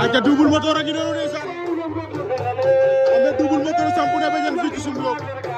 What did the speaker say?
aca Double Moteur a ngi noonu ndeysaan am na Double Moteur sampu na ba ñan fii ci suñu